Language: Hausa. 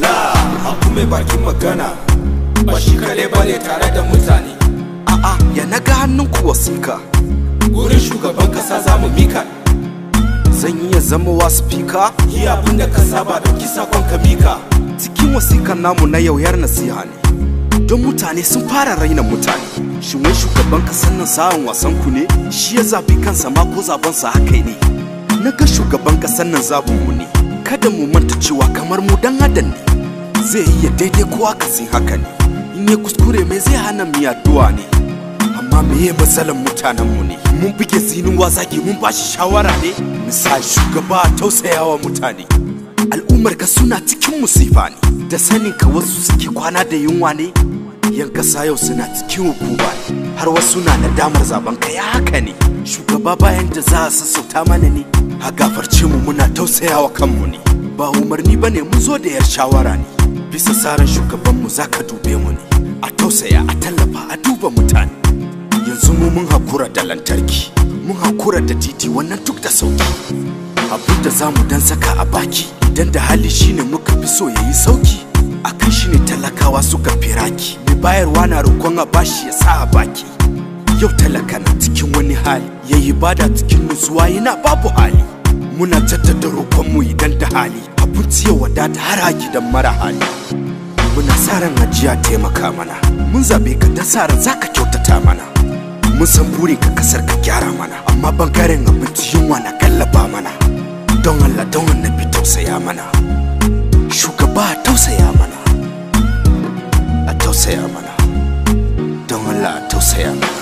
la abu mai bakin magana ba shi kare bane tare da mutane a'a ya naga hannun ku wasika gurin shugaban kasa za mu mika zan iya zama wa spika yi abin da ka saba da kisa kon ka mika cikin wasikan namu na yau yauyar nasiha ne don mutane sun fara raina mutane shin wai shugaban kasan nan sa'an wasan ku ne shi ya zabi kansa ma ko zabansa sa haka ne na ga shugaban kasan nan zabu ne kada mu manta cewa kamar mu dan adam ne zai iya daidai ko akasin haka ne in ya kuskure mai zai hana mu yaduwa ne amma ya matsalan mutanen mu ne mun buge zinin ke mun bashi shawara ne misali shugaba tausayawa mutane al'ummar ka suna cikin musifa ne da sanin ka wasu suke kwana da yunwa ne yan kasa yau suna cikin hukuma har wasu na nadamar zaben ka ya haka ne shugaba bayan da za a sassauta mana ne a gafarce mu muna tausayawa kanmu ne ba umarni ba ne mu zo da yar shawara ne bisa tsarin shugaban mu zaka dube mu ne a tausaya a tallafa a duba mutane yanzu mu mun hakura da lantarki mun hakura da titi wannan duk da sauki abin da za mu dan saka a baki idan da hali shine muka fi so yayi sauki akan ne talakawa suka firaki bayarwa na rukon a bashi ya sa a baki yau talaka na cikin wani hali ya yi bada cikin nutsuwa yana babu hali muna jaddada mu idan ta hali abinci ya wadata har a gidan mara hali muna sa ran ajiya taimaka mana mun zabe ka da sa ran zaka kyautata mana mun san burin ka kasar ka gyara mana amma bangaren abinci yunwa na kallaba mana don Allah don annabi tausaya mana Müller-Tusherren.